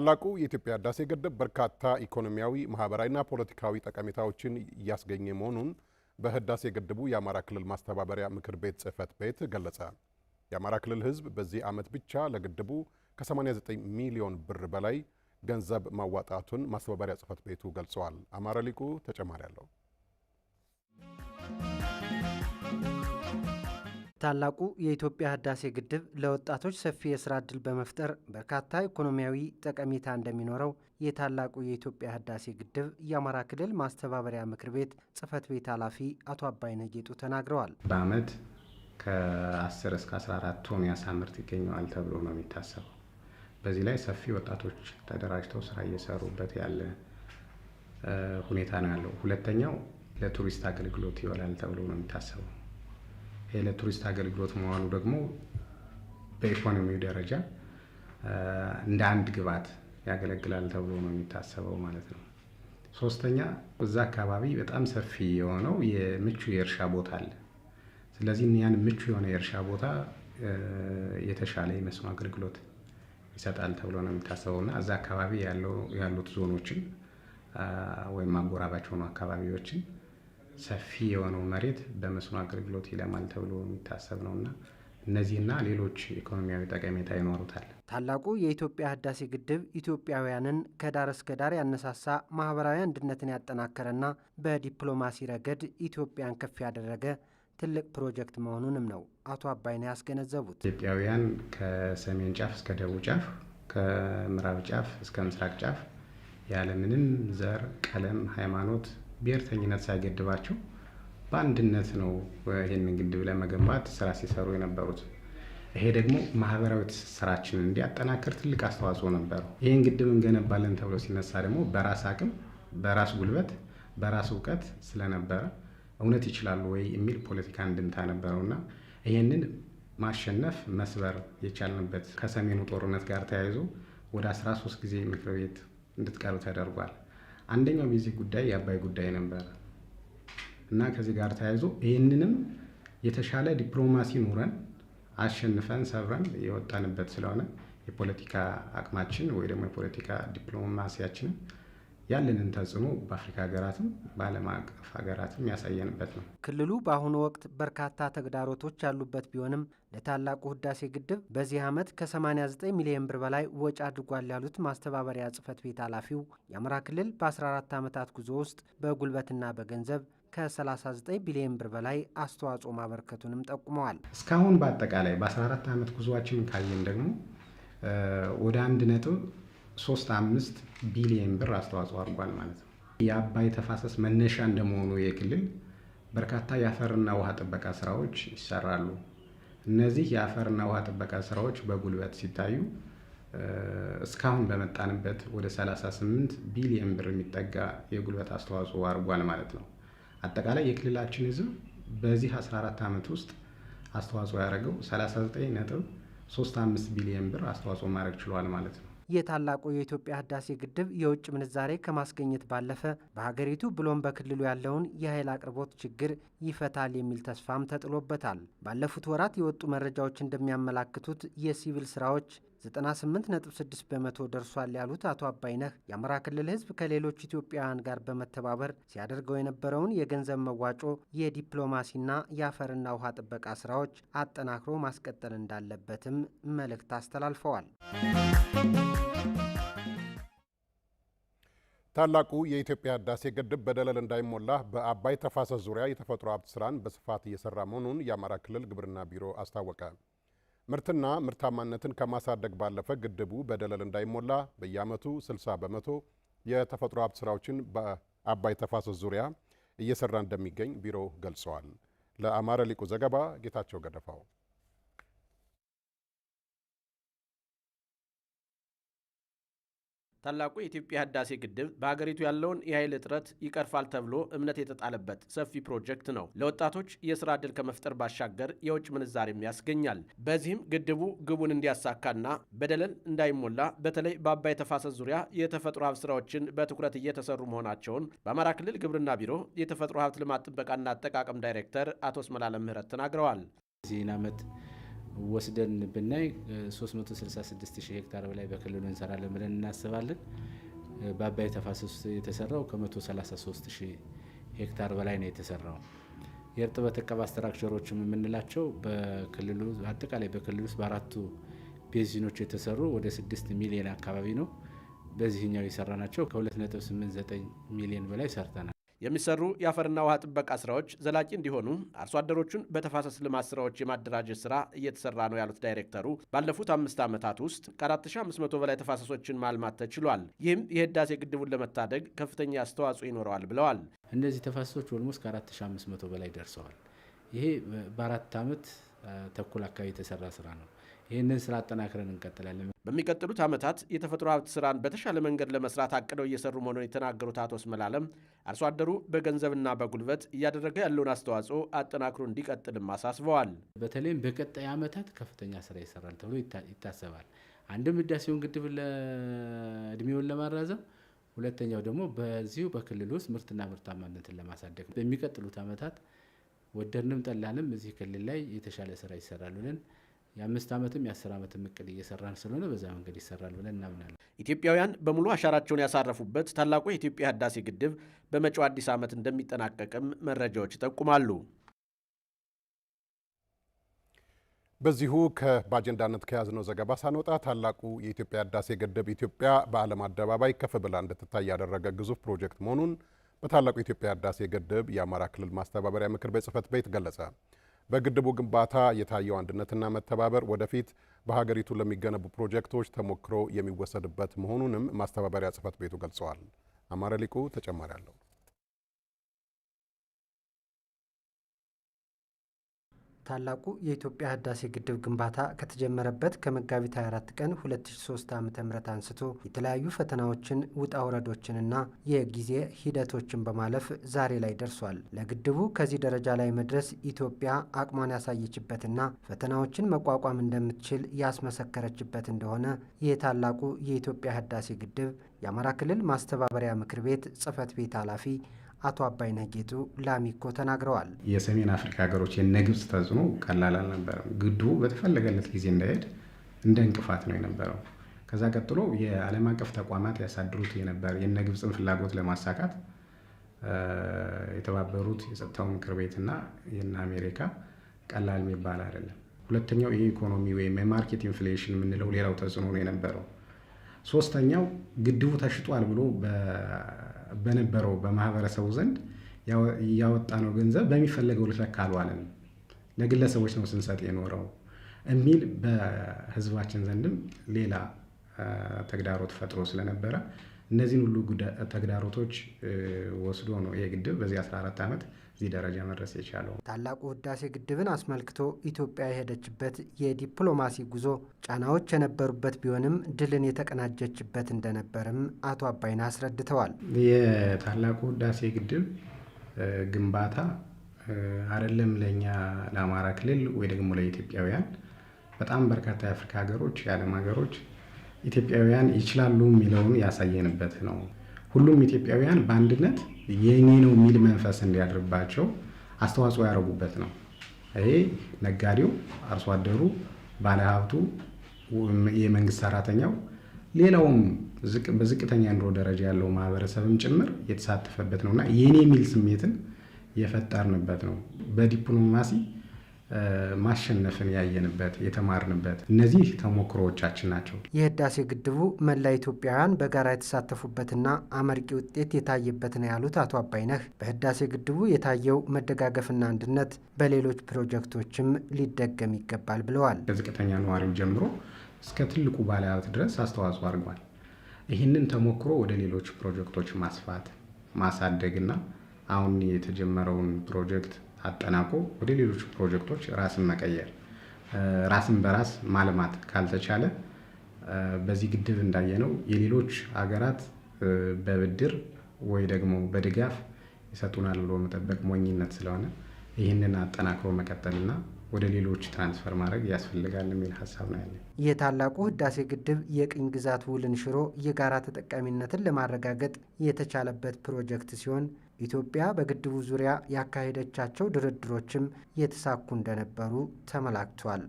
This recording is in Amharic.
ታላቁ የኢትዮጵያ ህዳሴ ግድብ በርካታ ኢኮኖሚያዊ፣ ማህበራዊና ፖለቲካዊ ጠቀሜታዎችን እያስገኘ መሆኑን በህዳሴ ግድቡ የአማራ ክልል ማስተባበሪያ ምክር ቤት ጽህፈት ቤት ገለጸ። የአማራ ክልል ህዝብ በዚህ ዓመት ብቻ ለግድቡ ከ89 ሚሊዮን ብር በላይ ገንዘብ ማዋጣቱን ማስተባበሪያ ጽህፈት ቤቱ ገልጸዋል። አማረ ሊቁ ተጨማሪ አለው። ታላቁ የኢትዮጵያ ህዳሴ ግድብ ለወጣቶች ሰፊ የስራ ዕድል በመፍጠር በርካታ ኢኮኖሚያዊ ጠቀሜታ እንደሚኖረው የታላቁ የኢትዮጵያ ህዳሴ ግድብ የአማራ ክልል ማስተባበሪያ ምክር ቤት ጽህፈት ቤት ኃላፊ አቶ አባይነህ ጌጡ ተናግረዋል። በአመት ከ10 እስከ 14 ቶን የአሳ ምርት ይገኘዋል ተብሎ ነው የሚታሰበው። በዚህ ላይ ሰፊ ወጣቶች ተደራጅተው ስራ እየሰሩበት ያለ ሁኔታ ነው ያለው። ሁለተኛው ለቱሪስት አገልግሎት ይውላል ተብሎ ነው የሚታሰበው። ለቱሪስት አገልግሎት መዋሉ ደግሞ በኢኮኖሚው ደረጃ እንደ አንድ ግብዓት ያገለግላል ተብሎ ነው የሚታሰበው ማለት ነው። ሶስተኛ እዛ አካባቢ በጣም ሰፊ የሆነው የምቹ የእርሻ ቦታ አለ። ስለዚህ ያን ምቹ የሆነ የእርሻ ቦታ የተሻለ የመስኖ አገልግሎት ይሰጣል ተብሎ ነው የሚታሰበው እና እዛ አካባቢ ያሉት ዞኖችን ወይም አጎራባቸው አካባቢዎችን ሰፊ የሆነው መሬት በመስኖ አገልግሎት ይለማል ተብሎ የሚታሰብ ነውና እነዚህና ሌሎች ኢኮኖሚያዊ ጠቀሜታ ይኖሩታል። ታላቁ የኢትዮጵያ ህዳሴ ግድብ ኢትዮጵያውያንን ከዳር እስከ ዳር ያነሳሳ ማህበራዊ አንድነትን ያጠናከረና በዲፕሎማሲ ረገድ ኢትዮጵያን ከፍ ያደረገ ትልቅ ፕሮጀክት መሆኑንም ነው አቶ አባይነህ ያስገነዘቡት። ኢትዮጵያውያን ከሰሜን ጫፍ እስከ ደቡብ ጫፍ፣ ከምዕራብ ጫፍ እስከ ምስራቅ ጫፍ ያለምንም ዘር፣ ቀለም፣ ሃይማኖት ብሔርተኝነት ሳይገድባቸው በአንድነት ነው ይህንን ግድብ ለመገንባት ስራ ሲሰሩ የነበሩት። ይሄ ደግሞ ማህበራዊ ትስስራችንን እንዲያጠናክር ትልቅ አስተዋጽኦ ነበረው። ይህን ግድብ እንገነባለን ተብሎ ሲነሳ ደግሞ በራስ አቅም፣ በራስ ጉልበት፣ በራስ እውቀት ስለነበረ እውነት ይችላሉ ወይ የሚል ፖለቲካ እንድምታ ነበረውና ይህንን ማሸነፍ መስበር የቻልንበት ከሰሜኑ ጦርነት ጋር ተያይዞ ወደ 13 ጊዜ ምክር ቤት እንድትቀርብ ተደርጓል። አንደኛው የዚህ ጉዳይ የአባይ ጉዳይ ነበረ እና ከዚህ ጋር ተያይዞ ይህንንም የተሻለ ዲፕሎማሲ ኑረን አሸንፈን ሰብረን የወጣንበት ስለሆነ የፖለቲካ አቅማችን ወይ ደግሞ የፖለቲካ ዲፕሎማሲያችንን ያለንን ተጽዕኖ በአፍሪካ ሀገራትም በዓለም አቀፍ ሀገራትም ያሳየንበት ነው። ክልሉ በአሁኑ ወቅት በርካታ ተግዳሮቶች ያሉበት ቢሆንም ለታላቁ ህዳሴ ግድብ በዚህ ዓመት ከ89 ሚሊዮን ብር በላይ ወጪ አድርጓል ያሉት ማስተባበሪያ ጽህፈት ቤት ኃላፊው የአማራ ክልል በ14 ዓመታት ጉዞ ውስጥ በጉልበትና በገንዘብ ከ39 ቢሊዮን ብር በላይ አስተዋጽኦ ማበርከቱንም ጠቁመዋል። እስካሁን በአጠቃላይ በ14 ዓመት ጉዞአችን ካየን ደግሞ ወደ አንድ ነጥብ ሶስት አምስት ቢሊየን ብር አስተዋጽኦ አድርጓል ማለት ነው። የአባይ ተፋሰስ መነሻ እንደመሆኑ የክልል በርካታ የአፈርና ውሃ ጥበቃ ስራዎች ይሰራሉ። እነዚህ የአፈርና ውሃ ጥበቃ ስራዎች በጉልበት ሲታዩ እስካሁን በመጣንበት ወደ 38 ቢሊየን ብር የሚጠጋ የጉልበት አስተዋጽኦ አድርጓል ማለት ነው። አጠቃላይ የክልላችን ህዝብ በዚህ 14 ዓመት ውስጥ አስተዋጽኦ ያደረገው 39 ነጥብ 35 ቢሊየን ብር አስተዋጽኦ ማድረግ ችሏል ማለት ነው። የታላቁ የኢትዮጵያ ህዳሴ ግድብ የውጭ ምንዛሬ ከማስገኘት ባለፈ በሀገሪቱ ብሎም በክልሉ ያለውን የኃይል አቅርቦት ችግር ይፈታል የሚል ተስፋም ተጥሎበታል። ባለፉት ወራት የወጡ መረጃዎች እንደሚያመላክቱት የሲቪል ስራዎች 98.6 በመቶ ደርሷል ያሉት አቶ አባይነህ የአማራ ክልል ህዝብ ከሌሎች ኢትዮጵያውያን ጋር በመተባበር ሲያደርገው የነበረውን የገንዘብ መዋጮ፣ የዲፕሎማሲና የአፈርና ውሃ ጥበቃ ስራዎች አጠናክሮ ማስቀጠል እንዳለበትም መልእክት አስተላልፈዋል። ታላቁ የኢትዮጵያ ህዳሴ ግድብ በደለል እንዳይሞላ በአባይ ተፋሰስ ዙሪያ የተፈጥሮ ሀብት ስራን በስፋት እየሰራ መሆኑን የአማራ ክልል ግብርና ቢሮ አስታወቀ። ምርትና ምርታማነትን ከማሳደግ ባለፈ ግድቡ በደለል እንዳይሞላ በየዓመቱ 60 በመቶ የተፈጥሮ ሀብት ስራዎችን በአባይ ተፋሰስ ዙሪያ እየሰራ እንደሚገኝ ቢሮ ገልጸዋል። ለአማረ ሊቁ ዘገባ ጌታቸው ገደፋው ታላቁ የኢትዮጵያ ህዳሴ ግድብ በሀገሪቱ ያለውን የኃይል እጥረት ይቀርፋል ተብሎ እምነት የተጣለበት ሰፊ ፕሮጀክት ነው። ለወጣቶች የስራ ዕድል ከመፍጠር ባሻገር የውጭ ምንዛሬም ያስገኛል። በዚህም ግድቡ ግቡን እንዲያሳካና በደለል እንዳይሞላ በተለይ በአባይ ተፋሰስ ዙሪያ የተፈጥሮ ሀብት ስራዎችን በትኩረት እየተሰሩ መሆናቸውን በአማራ ክልል ግብርና ቢሮ የተፈጥሮ ሀብት ልማት ጥበቃና አጠቃቀም ዳይሬክተር አቶ እስመላለም ምህረት ተናግረዋል። ዚህን ዓመት ወስደን ብናይ 366 ሺህ ሄክታር በላይ በክልሉ እንሰራለን ብለን እናስባለን። በአባይ ተፋሰስ የተሰራው ከ133 ሺህ ሄክታር በላይ ነው የተሰራው። የእርጥበት እቀባ ስትራክቸሮችም የምንላቸው በክልሉ አጠቃላይ በክልሉ ውስጥ በአራቱ ቤዚኖች የተሰሩ ወደ 6 ሚሊዮን አካባቢ ነው። በዚህኛው የሰራ ናቸው ከ289 ሚሊዮን በላይ ሰርተናል። የሚሰሩ የአፈርና ውሃ ጥበቃ ስራዎች ዘላቂ እንዲሆኑ አርሶ አደሮቹን በተፋሰስ ልማት ስራዎች የማደራጀት ስራ እየተሰራ ነው ያሉት ዳይሬክተሩ ባለፉት አምስት ዓመታት ውስጥ ከ4500 በላይ ተፋሰሶችን ማልማት ተችሏል። ይህም የህዳሴ ግድቡን ለመታደግ ከፍተኛ አስተዋጽኦ ይኖረዋል ብለዋል። እነዚህ ተፋሰሶች ኦልሞስ ከ4500 በላይ ደርሰዋል። ይሄ በአራት ዓመት ተኩል አካባቢ የተሰራ ስራ ነው። ይህንን ስራ አጠናክረን እንቀጥላለን። በሚቀጥሉት ዓመታት የተፈጥሮ ሀብት ስራን በተሻለ መንገድ ለመስራት አቅደው እየሰሩ መሆኑን የተናገሩት አቶ ስመላለም አርሶ አደሩ በገንዘብና በጉልበት እያደረገ ያለውን አስተዋጽኦ አጠናክሮ እንዲቀጥልም አሳስበዋል። በተለይም በቀጣይ ዓመታት ከፍተኛ ስራ ይሰራል ተብሎ ይታሰባል። አንድም ህዳሴውን ግድብ እድሜውን ለማራዘም ሁለተኛው ደግሞ በዚሁ በክልል ውስጥ ምርትና ምርታማነትን ለማሳደግ በሚቀጥሉት ዓመታት ወደድንም ጠላንም እዚህ ክልል ላይ የተሻለ ስራ ይሰራል ብለን የአምስት ዓመትም የአስር ዓመትም እቅድ እየሰራን ስለሆነ በዛ መንገድ ይሰራል ብለን እናምናለን። ኢትዮጵያውያን በሙሉ አሻራቸውን ያሳረፉበት ታላቁ የኢትዮጵያ ህዳሴ ግድብ በመጪው አዲስ ዓመት እንደሚጠናቀቅም መረጃዎች ይጠቁማሉ። በዚሁ በአጀንዳነት ከያዝነው ዘገባ ሳንወጣ ታላቁ የኢትዮጵያ ህዳሴ ግድብ ኢትዮጵያ በዓለም አደባባይ ከፍ ብላ እንድትታይ ያደረገ ግዙፍ ፕሮጀክት መሆኑን በታላቁ የኢትዮጵያ ህዳሴ ግድብ የአማራ ክልል ማስተባበሪያ ምክር ቤት ጽህፈት ቤት ገለጸ። በግድቡ ግንባታ የታየው አንድነትና መተባበር ወደፊት በሀገሪቱ ለሚገነቡ ፕሮጀክቶች ተሞክሮ የሚወሰድበት መሆኑንም ማስተባበሪያ ጽህፈት ቤቱ ገልጸዋል። አማረ ሊቁ ተጨማሪ አለው። ታላቁ የኢትዮጵያ ህዳሴ ግድብ ግንባታ ከተጀመረበት ከመጋቢት 24 ቀን 2003 ም አንስቶ የተለያዩ ፈተናዎችን ውጣ ውረዶችንና የጊዜ ሂደቶችን በማለፍ ዛሬ ላይ ደርሷል። ለግድቡ ከዚህ ደረጃ ላይ መድረስ ኢትዮጵያ አቅሟን ያሳየችበትና ፈተናዎችን መቋቋም እንደምትችል ያስመሰከረችበት እንደሆነ ይህ ታላቁ የኢትዮጵያ ህዳሴ ግድብ የአማራ ክልል ማስተባበሪያ ምክር ቤት ጽህፈት ቤት ኃላፊ አቶ አባይ ነጌጡ ላሚኮ ተናግረዋል። የሰሜን አፍሪካ ሀገሮች የነ ግብጽ ተጽዕኖ ቀላል አልነበረም። ግድቡ በተፈለገለት ጊዜ እንዳይሄድ እንደ እንቅፋት ነው የነበረው። ከዛ ቀጥሎ የዓለም አቀፍ ተቋማት ያሳድሩት የነበር የነ ግብፅን ፍላጎት ለማሳካት የተባበሩት የጸጥታው ምክር ቤትና የነ አሜሪካ ቀላል የሚባል አይደለም። ሁለተኛው የኢኮኖሚ ወይም የማርኬት ኢንፍሌሽን የምንለው ሌላው ተጽዕኖ ነው የነበረው። ሶስተኛው ግድቡ ተሽጧል ብሎ በነበረው በማህበረሰቡ ዘንድ ያወጣነው ገንዘብ በሚፈለገው ልክ አልዋለም፣ ለግለሰቦች ነው ስንሰጥ የኖረው የሚል በህዝባችን ዘንድም ሌላ ተግዳሮት ፈጥሮ ስለነበረ እነዚህን ሁሉ ተግዳሮቶች ወስዶ ነው ይሄ ግድብ በዚህ 14 ዓመት እዚህ ደረጃ መድረስ የቻለው። ታላቁ ህዳሴ ግድብን አስመልክቶ ኢትዮጵያ የሄደችበት የዲፕሎማሲ ጉዞ ጫናዎች የነበሩበት ቢሆንም ድልን የተቀናጀችበት እንደነበርም አቶ አባይን አስረድተዋል። የታላቁ ህዳሴ ግድብ ግንባታ አይደለም ለእኛ ለአማራ ክልል ወይ ደግሞ ለኢትዮጵያውያን በጣም በርካታ የአፍሪካ ሀገሮች የዓለም ሀገሮች ኢትዮጵያውያን ይችላሉ የሚለውን ያሳየንበት ነው። ሁሉም ኢትዮጵያውያን በአንድነት የኔ ነው የሚል መንፈስ እንዲያድርባቸው አስተዋጽኦ ያደረጉበት ነው። ይሄ ነጋዴው፣ አርሶ አደሩ፣ ባለሀብቱ፣ የመንግስት ሰራተኛው፣ ሌላውም በዝቅተኛ ኑሮ ደረጃ ያለው ማህበረሰብም ጭምር የተሳተፈበት ነው እና የሚል ስሜትን የፈጠርንበት ነው በዲፕሎማሲ ማሸነፍን ያየንበት የተማርንበት እነዚህ ተሞክሮዎቻችን ናቸው። የህዳሴ ግድቡ መላ ኢትዮጵያውያን በጋራ የተሳተፉበትና አመርቂ ውጤት የታየበት ነው ያሉት አቶ አባይነህ በህዳሴ ግድቡ የታየው መደጋገፍና አንድነት በሌሎች ፕሮጀክቶችም ሊደገም ይገባል ብለዋል። ከዝቅተኛ ነዋሪው ጀምሮ እስከ ትልቁ ባለሀብት ድረስ አስተዋጽኦ አድርጓል። ይህንን ተሞክሮ ወደ ሌሎች ፕሮጀክቶች ማስፋት ማሳደግና አሁን የተጀመረውን ፕሮጀክት አጠናቆ ወደ ሌሎች ፕሮጀክቶች ራስን መቀየር ራስን በራስ ማልማት ካልተቻለ በዚህ ግድብ እንዳየነው የሌሎች ሀገራት በብድር ወይ ደግሞ በድጋፍ ይሰጡናል ብሎ መጠበቅ ሞኝነት ስለሆነ ይህንን አጠናክሮ መቀጠልና ወደ ሌሎች ትራንስፈር ማድረግ ያስፈልጋል የሚል ሀሳብ ነው ያለን። የታላቁ ህዳሴ ግድብ የቅኝ ግዛት ውልን ሽሮ የጋራ ተጠቃሚነትን ለማረጋገጥ የተቻለበት ፕሮጀክት ሲሆን ኢትዮጵያ በግድቡ ዙሪያ ያካሄደቻቸው ድርድሮችም የተሳኩ እንደነበሩ ተመላክቷል።